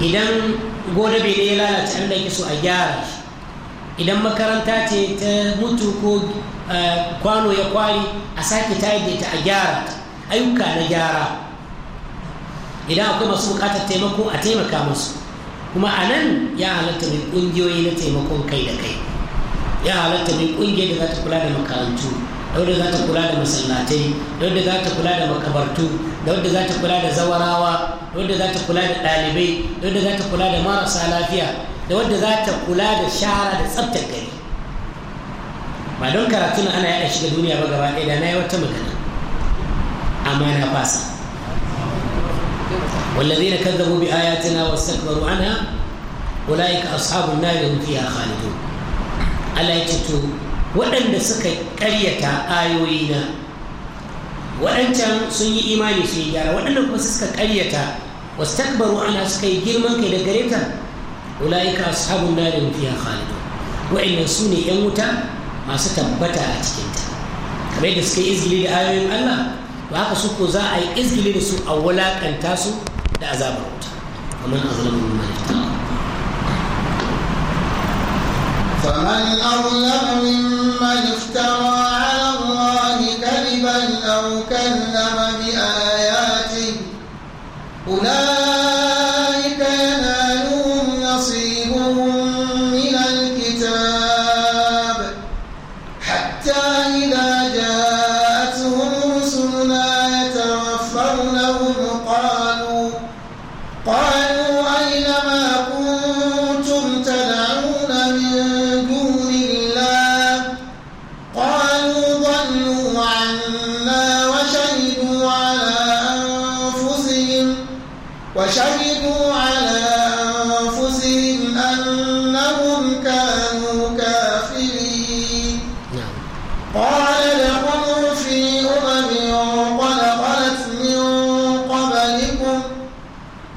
idan gona bai ya lalata abin da ake so a gyara shi idan makaranta ce ta mutu ko eh, kwano ya kwari a sake ta yadda ta a gyara ta ayyuka na gyara idan akwai masu bukatar taimako a taimaka musu kuma a nan ya halatta mai ƙungiyoyi na taimakon kai da kai ya halatta ne ƙungiyar da za ta kula da makarantu da wadda za ta kula da masallatai da wadda za ta kula da makabartu da wadda za ta kula da zawarawa da wadda za ta kula da ɗalibai da wadda za ta kula da marasa lafiya da wadda za ta kula da shara da tsabtar gari ba don karatun ana yaɗa shiga duniya ba gaba ɗaya da na yi wata magana amma yana fasa والذين كذبوا بآياتنا واستكبروا عنها أولئك أصحاب النار هم فيها خالدون alaikito waɗanda suka ƙaryata na waɗancan sun yi imani su yi gyara waɗanda kuma suka ƙaryata wasu takbaru ana suka yi girman kai da gare ta ula'ika ashabun narin fiya khalidu wa'annan su ne yan wuta masu tabbata a cikinta kamar yadda suka yi izgili da ayoyin allah ba haka su ko za a yi izgili da su a wulaƙanta su da azabar wuta kamar فمن أظلم ممن افترى على الله كذبا أو كذب بآياته أولئك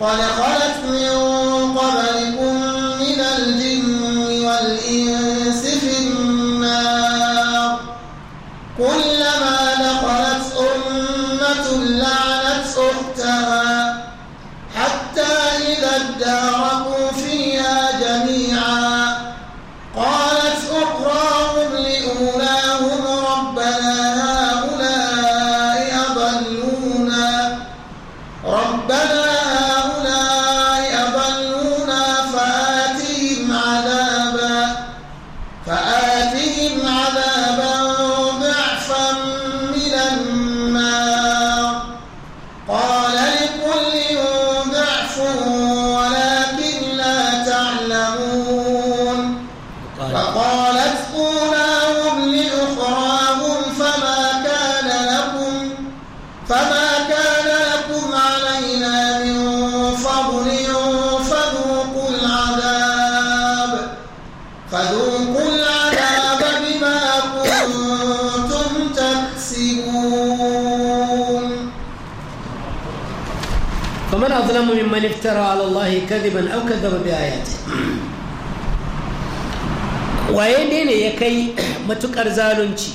قال قال من افترى على الله كذبا أو كذب بآياته waye ne ya kai matukar zalunci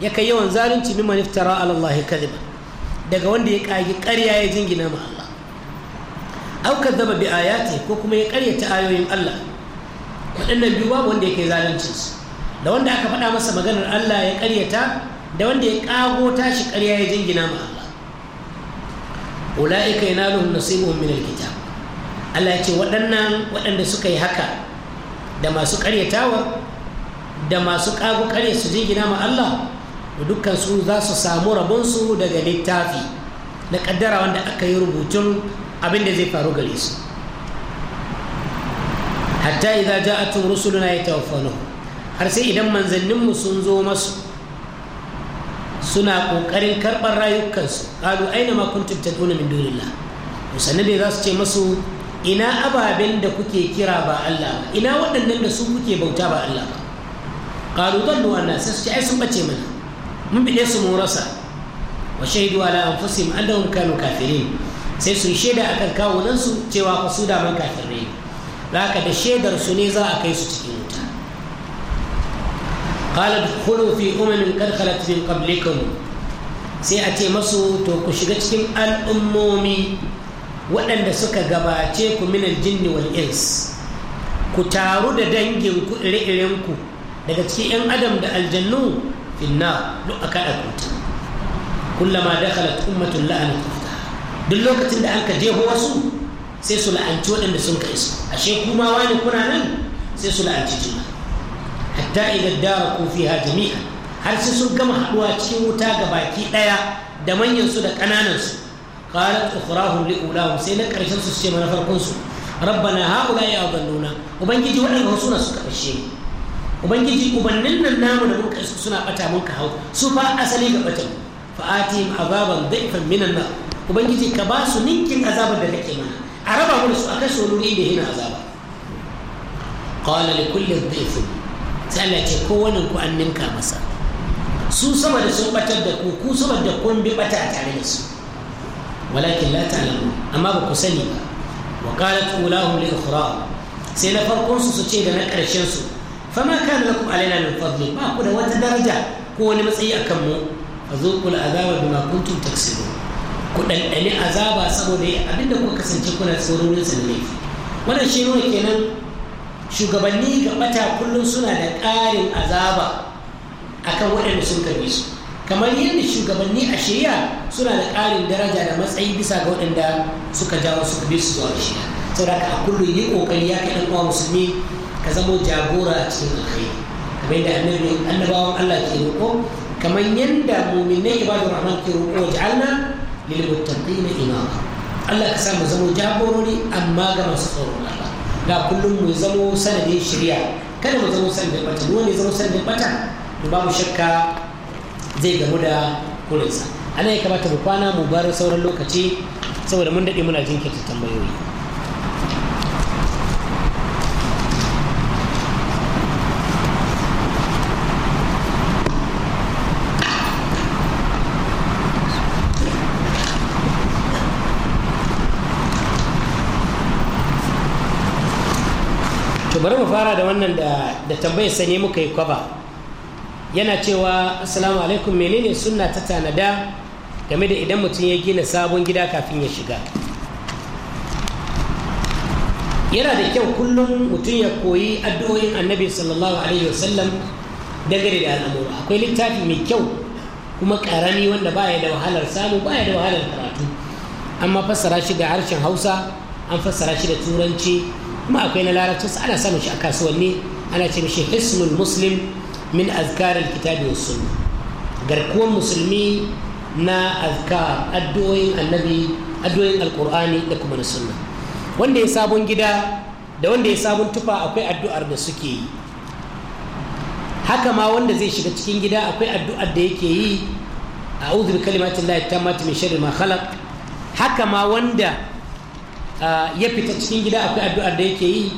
ya kai yawan zalunci min maniftara ala Allah ya kadhiba daga wanda ya kagi ƙarya ya jingina ma Allah aw kadhaba bi ayati ko kuma ya ƙaryata ayoyin Allah waɗannan biyu babu wanda ya kai zalunci da wanda aka faɗa masa maganar Allah ya ƙaryata da wanda ya kago tashi ƙarya ya jingina ma Allah ula'ika yanaluhum nasibuhum min alkitab Allah ce waɗannan waɗanda suka yi haka da masu ƙaryatawa da masu ƙago ƙarya su jingina ma Allah da dukkan su za su samu rabonsu daga littafi na ƙaddara wanda aka yi rubutun abin da zai faru gare su hatta idza ja'atuhum rusuluna yatawaffanu har sai idan manzanninmu sun zo masu suna ƙoƙarin karɓar rayukansu ƙalu aina ma kuntum tuna min dunilla musanne dai za su ce masu ina ababen da kuke kira ba Allah ba ina waɗannan da su kuke bauta ba Allah ba ƙalu nuwa na sai su ce ai sun bace mana mun bide su mun rasa wa shahidu ala fusim allahun kanu kafirin sai su yi shaida akan kawunansu cewa fa su da man kafirai za haka da shaidar su ne za a kai su cikin qala dkhulu fi umamin qad khalat sai a ce masu to ku shiga cikin al'ummomi waɗanda suka gabace ku minal jinni wal ins ku taru da dangin ku ire-iren ku daga cikin 'yan adam da aljannu finna duk a kaɗa kullama dakhalat ummatun la'anat duk lokacin da aka jeho wasu sai su la'anci waɗanda sun ka iso ashe kuma wani kuna nan sai su la'anci juna hatta idan daraku fiha jami'a har sai sun gama haduwa cikin wuta ga baki daya da manyan su da kananan su qalat ukhrahum li ulahum sai na karshen su ce mana farkon su rabbana haula ya adalluna ubangiji wadanda suna su karshe ubangiji ubannin nan namu da muka suna bata mun ka hau su fa asali ga bata fa atihim azaban da'ifan minan nar ubangiji ka ba su ninkin azabar da kake mana a raba mu su akai su wani da hina azaba qala li kulli Allah ce kowannen ku an ninka masa su saboda sun batar da ku ku saboda kun bi bata a tare da su walakin la ta'lamu amma ba ku sani ba wa qalat ulahum li ukhra sai na farkon su su ce da na karshen su fama kana lakum alaina min fadli ba ku da wata daraja ko wani matsayi akan mu fazuqul azaba bima kuntum taksibun ku dandane azaba saboda abinda kuka kasance kuna tsoron yin da laifi wannan shi ne kenan shugabanni ga bata kullum suna da ƙarin azaba akan waɗanda sun karbi su kamar yadda shugabanni a shirya suna da ƙarin daraja da matsayi bisa ga waɗanda suka jawo suka bi su zuwa Sau saboda a kullum yi ƙoƙari ya kai ɗan musulmi ka zamo jagora a cikin alkhairi kamar yadda annabi annabawan Allah ke roƙo kamar yadda mu'minai ibadur rahman ke roƙo ja'alna lil muttaqina imama Allah ka sa mu zamo jagorori amma ga masu tsoron Allah da kullum mu zamo sanadin shirya kada mu zamo sanadin bata duk wanda ya zamo sanadin bata to babu shakka zai gamu da kurinsa ana ya kamata mu kwana mu bar sauran lokaci saboda mun daɗe muna jinkirta tambayoyi bari mu fara da wannan da tambayar sani muka yi kwaba yana cewa assalamu alaikum menene sunna ta tanada game da idan mutum ya gina sabon gida kafin ya shiga yana da kyau kullum mutum ya koyi addu'o'in annabi sallallahu alaihi wasallam da al'amura akwai littafi mai kyau kuma karami wanda baya da wahalar samu baya da wahalar karatu an ma fassara shi da harshen hausa an fassara shi da turanci kuma akwai na larabci ana samun shi a kasuwanni ana ce mishi hisnul muslim min azkar alkitabi was sunna garkuwan musulmi na azkar addu'o'in annabi addu'o'in alqur'ani da kuma na sunna wanda ya sabon gida da wanda ya sabon tufa akwai addu'ar da suke yi haka ma wanda zai shiga cikin gida akwai addu'ar da yake yi a'udhu kalimatin lahi ta min sharri ma khalaq haka ma wanda ya fita cikin gida akwai addu'ar da yake yi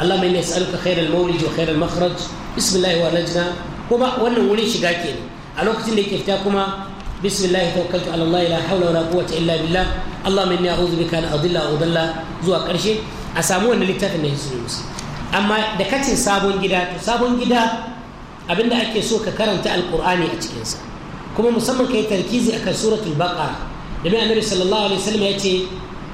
Allah mai nas'aluka khairal mawlid wa khairal makhraj bismillah wa najna kuma wannan wurin shiga ke ne a lokacin da yake fita kuma bismillah tawakkaltu ala Allah la hawla wala quwwata illa billah Allah mai a'udhu bika an adilla wa udalla zuwa karshe a samu wannan littafin na hisnul muslim amma da kacin sabon gida to sabon gida abinda ake so ka karanta alqur'ani a cikinsa kuma musamman kai tarkizi akan suratul baqara da mai annabi sallallahu alaihi wasallam ya ce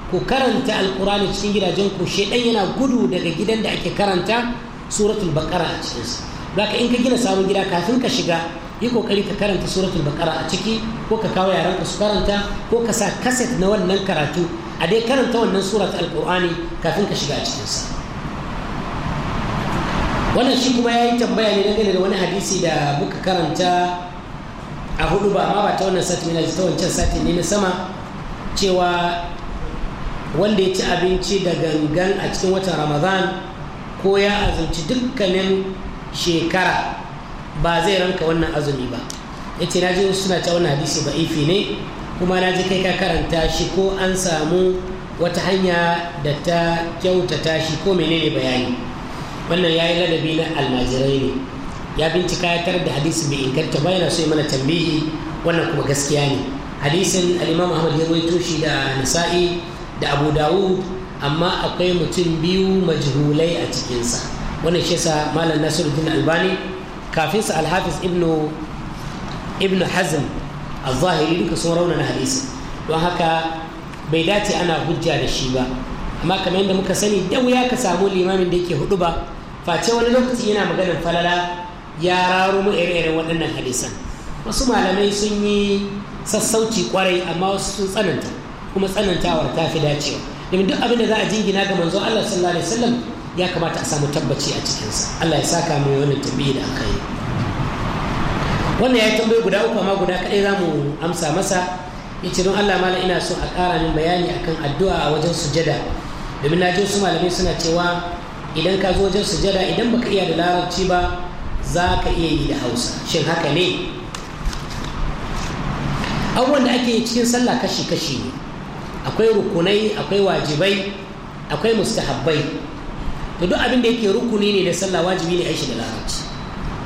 ku karanta alkurani cikin gidajen ku shedan yana gudu daga gidan da ake karanta suratul baqara a cikin sa baka in ka gina sabon gida kafin ka shiga yi kokari ka karanta suratul baqara a ciki ko ka kawo yaran ka su karanta ko ka sa kaset na wannan karatu a dai karanta wannan surat alkurani kafin ka shiga a cikin sa wannan shi kuma ya yi tambaya ne dangane da wani hadisi da muka karanta a hudu ba amma ba ta wannan sati ne ta wancan sati ne na sama cewa wanda ya ci abinci da gangan a cikin watan ramadan ko ya azumci dukkanin shekara ba zai ranka wannan azumi ba ya ce na ji suna ta wannan hadisi ba ifi ne kuma na ji kai ka karanta shi ko an samu wata hanya da ta kyautata shi ko menene bayani wannan ya yi ladabi na almajirai ne ya bincika ya tarar da hadisi mai inganta ba yana so mana tambihi wannan kuma gaskiya ne hadisin al'imam ahmad ya rawaito shi da nasa'i da abu dawud amma akwai mutum biyu majhulai a cikinsa wannan shi sa malam nasiruddin albani kafin sa alhafiz ibnu ibnu hazm az-zahiri duka sun raunana hadisi don haka bai dace ana hujja da shi ba amma kamar yadda muka sani da wuya ka samu limamin da yake hudu ba face wani lokaci yana maganar falala ya raro mu ire-iren waɗannan hadisan wasu malamai sun yi sassauci kwarai amma wasu sun tsananta kuma tsanantawar ta fi dacewa domin duk abin da za a jingina ga manzon Allah sallallahu alaihi wasallam ya kamata a samu tabbaci a cikinsa Allah ya saka mu wannan tambayi da aka wannan ya tambayi guda uku amma guda kaɗai za mu amsa masa ya ce don Allah ina so a ƙara min bayani akan addu'a a wajen sujada domin na ji su malamai suna cewa idan ka zo wajen sujada idan baka iya da larabci ba za ka iya yi da hausa shin haka ne abubuwan da ake cikin sallah kashi-kashi ne akwai rukunai akwai wajibai akwai mustahabbai to duk abin da yake rukuni ne na sallah wajibi ne aishi da larabci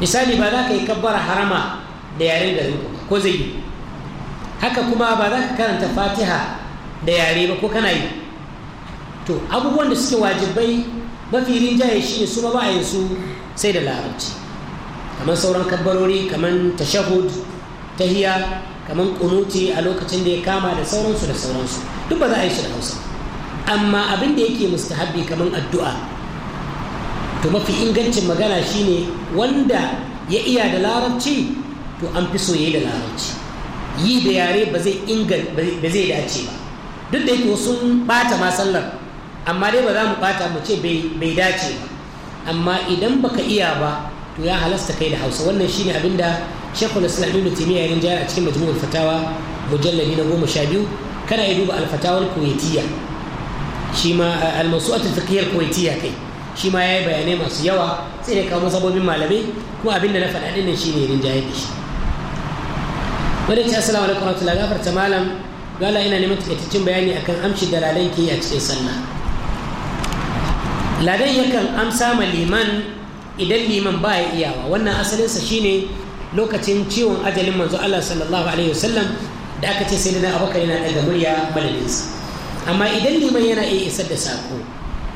misali ba za ka yi kabbara harama da yare da ruku ko zai yi haka kuma ba za ka karanta fatiha da yare ba ko kana yi to abubuwan da suke wajibai mafi rinjaye shi ne su ba a yin su sai da larabci kamar sauran kabbarori kamar tashahud tahiya kamar kunuti a lokacin da ya kama da sauransu da sauransu duk ba za a yi shi da hausa amma abin da yake mustahabbi kamar addu'a to mafi ingancin magana shine wanda ya iya da larabci to an fi so ya yi da larabci yi da yare ba zai ba zai dace ba duk da yake wasu bata ma sallar amma dai ba za mu bata mu ce bai dace ba amma idan baka iya ba to ya halasta kai da hausa wannan shine abin da shekul islam nuna taymiya ya rinjaya a cikin majmu'ul fatawa mujalladi na goma sha biyu kana ya duba alfatawar kuwaitiya shi ma eh, almasu'atul fiqhiyar kuwaitiya kai shi ma yayi bayanai masu yawa sai da kawo sabobin malamai kuma abin da na faɗa ɗin nan shine rinjaye da shi wanda ce assalamu alaikum gafarta malam gala ina neman takaitaccen bayani akan amshi dalalai ke a cikin sallah ladan yakan amsa ma liman idan liman ba ya iyawa wannan asalinsa shine lokacin ciwon ajalin manzo Allah sallallahu alaihi wasallam da aka ce sai da abubakar yana daga murya malaminsa amma idan liman yana iya isar da sako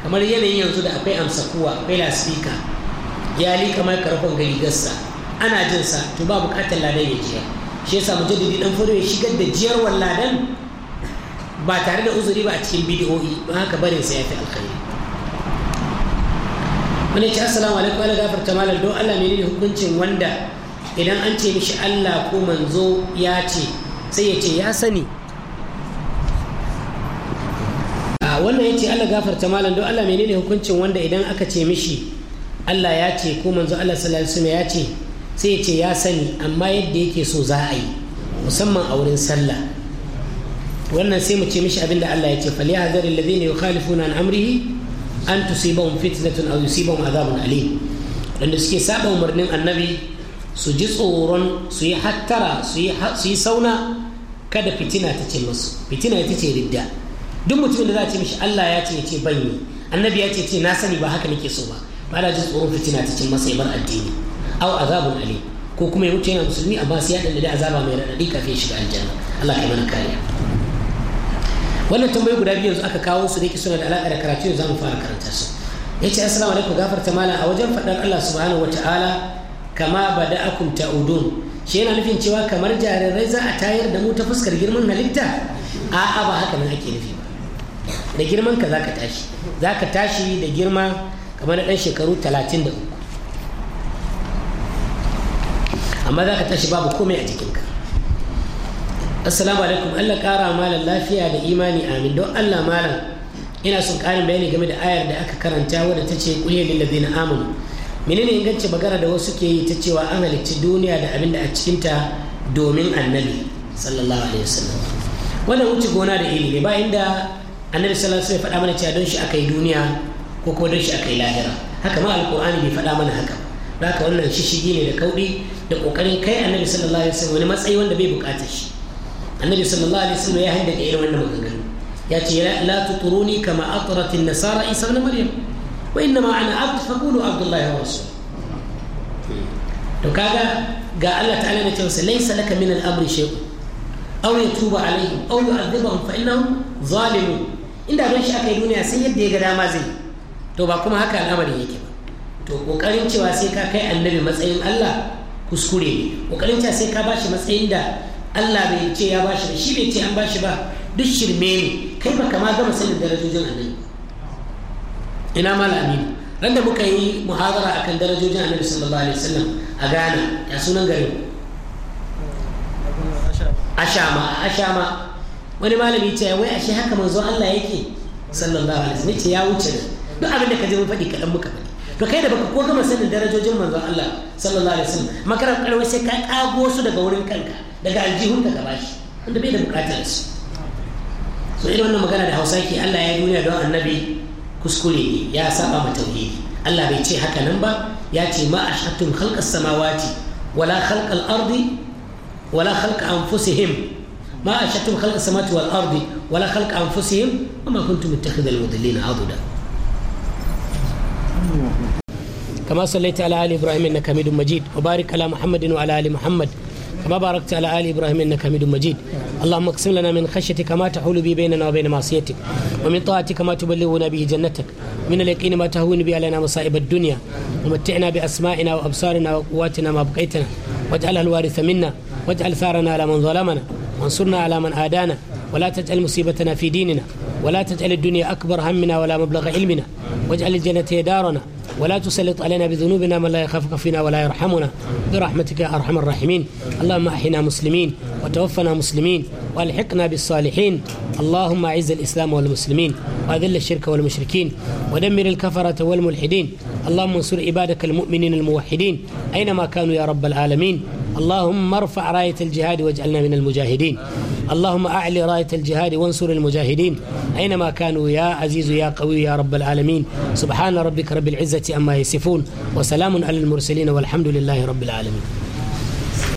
kamar yanayin yanzu da akwai amsakuwa akwai lasfika ya li kamar gari garigarsa ana jin sa to ba bukatar ladan ya jiya shi yasa mujaddidi dan fure ya shigar da jiyarwar ladan ba tare da uzuri ba a cikin bidiyoyi don haka barin sa ya fi alkhairi wani ce assalamu alaikum ala gafarta malam don allah menene hukuncin wanda idan an ce mishi Allah ko manzo ya ce sai ya ce ya sani a wannan ya ce Allah gafarta malam don Allah menene hukuncin wanda idan aka ce mishi Allah ya ce ko manzo Allah sallallahu alaihi ya ce sai ya ce ya sani amma yadda yake so za a yi musamman a wurin sallah wannan sai mu ce mishi abin da Allah ya ce fal yahzar alladhina yukhalifuna an amrihi an tusibahum fitnatun aw yusibahum adhabun alim wanda suke saba umarnin annabi su ji tsoron su yi hattara su yi sauna kada fitina ta ce masu fitina ita ce ridda duk mutumin da za a ce mishi Allah ya ce ya ce ban annabi ya ce ce na sani ba haka nake so ba ba da ji tsoron fitina ta ce masa ya bar addini au azabun ali ko kuma ya wuce yana musulmi amma sai ya dandade azaba mai raɗaɗi kafin ya shiga aljanna Allah ya mana kariya wannan tambayoyi guda biyu yanzu aka kawo su da yake suna da alaƙa da karatu yanzu za mu fara karanta su ya ce assalamu alaikum gafarta mala a wajen faɗar Allah subhanahu wa ta'ala kama ba da bada'akum ta'udun shi yana nufin cewa kamar jarirai za a tayar da mu ta fuskar girman halitta a'a ba haka nan ake nufi ba da girman ka zaka tashi zaka tashi da girma kamar na dan shekaru uku amma zaka tashi babu komai a jikinka assalamu alaikum Allah kara malam lafiya da imani amin don Allah malam ina son karin bayani game da ayar da aka karanta wadda ta ce kuliyar lillazina amanu menene inganci magana da wasu ke yi ta cewa an halicci duniya da abin da a cikinta domin annabi sallallahu alaihi wasallam wannan wuce gona da iri ne ba inda annabi sallallahu alaihi wasallam ya faɗa mana cewa don shi aka yi duniya ko kuma don shi aka yi lahira haka ma alkur'ani bai faɗa mana haka ba haka wannan shishigi ne da kauɗi da ƙoƙarin kai annabi sallallahu alaihi wasallam wani matsayi wanda bai buƙatar shi annabi sallallahu alaihi wasallam ya da irin wannan maganganu ya ce la tuturuni kama atratin nasara isa ibn maryam وإنما أنا عبد فقولوا عبد الله ورسوله to kaga ga Allah ta'ala ne cewa laysa laka min al-amri shay'un aw yatuba alaihim aw yu'adhibahum fa innahum zalimun inda don shi aka yi duniya sai yadda ya ga dama zai to ba kuma haka al'amari yake ba to kokarin cewa sai kai annabi matsayin Allah kuskure ne kokarin cewa sai ka bashi matsayin da Allah bai ce ya bashi ba shi bai ce an bashi ba duk shirme ne kai ba kama gama sanin darajojin annabi ina mala aminu ran da muka yi muhadara akan darajojin annabi sallallahu alaihi wasallam a ghana ya sunan gari ashama ashama wani malami ce wai ashe haka manzo Allah yake sallallahu alaihi wasallam ce ya wuce duk abin da ka je mun faɗi kaɗan muka faɗi to kai da baka ko gama sanin darajojin manzo Allah sallallahu alaihi wasallam makarar karwa sai ka kago su daga wurin kanka daga aljihun ka gaba shi wanda bai da bukatar su so irin wannan magana da Hausa ke Allah ya duniya don annabi kuskure ya saba ma tauhidi Allah bai ce haka nan ba ya ce ma a shattun halkar samawati wala halkar ardi wala halkar anfusihim ma a shattun halkar samawati wal ardi wala halkar anfusihim amma kun tumi ta kada wadali na aduda kama sallaita ala ali ibrahim na kamidun majid wa barika ala muhammadin wa ala ali muhammad كما باركت على آل إبراهيم إنك حميد مجيد اللهم اقسم لنا من خشيتك ما تحول به بيننا وبين معصيتك ومن طاعتك ما تبلغنا به جنتك من اليقين ما تهون به علينا مصائب الدنيا ومتعنا بأسمائنا وأبصارنا وقواتنا ما بقيتنا واجعلها الوارث منا واجعل ثارنا على من ظلمنا وانصرنا على من آدانا ولا تجعل مصيبتنا في ديننا ولا تجعل الدنيا أكبر همنا ولا مبلغ علمنا واجعل الجنة دارنا ولا تسلط علينا بذنوبنا من لا يخافك فينا ولا يرحمنا برحمتك يا أرحم الراحمين اللهم أحينا مسلمين وتوفنا مسلمين والحقنا بالصالحين اللهم أعز الإسلام والمسلمين وأذل الشرك والمشركين ودمر الكفرة والملحدين اللهم انصر عبادك المؤمنين الموحدين أينما كانوا يا رب العالمين اللهم ارفع راية الجهاد واجعلنا من المجاهدين اللهم أعلي راية الجهاد وانصر المجاهدين أينما كانوا يا عزيز يا قوي يا رب العالمين سبحان ربك رب العزة أما يصفون وسلام على المرسلين والحمد لله رب العالمين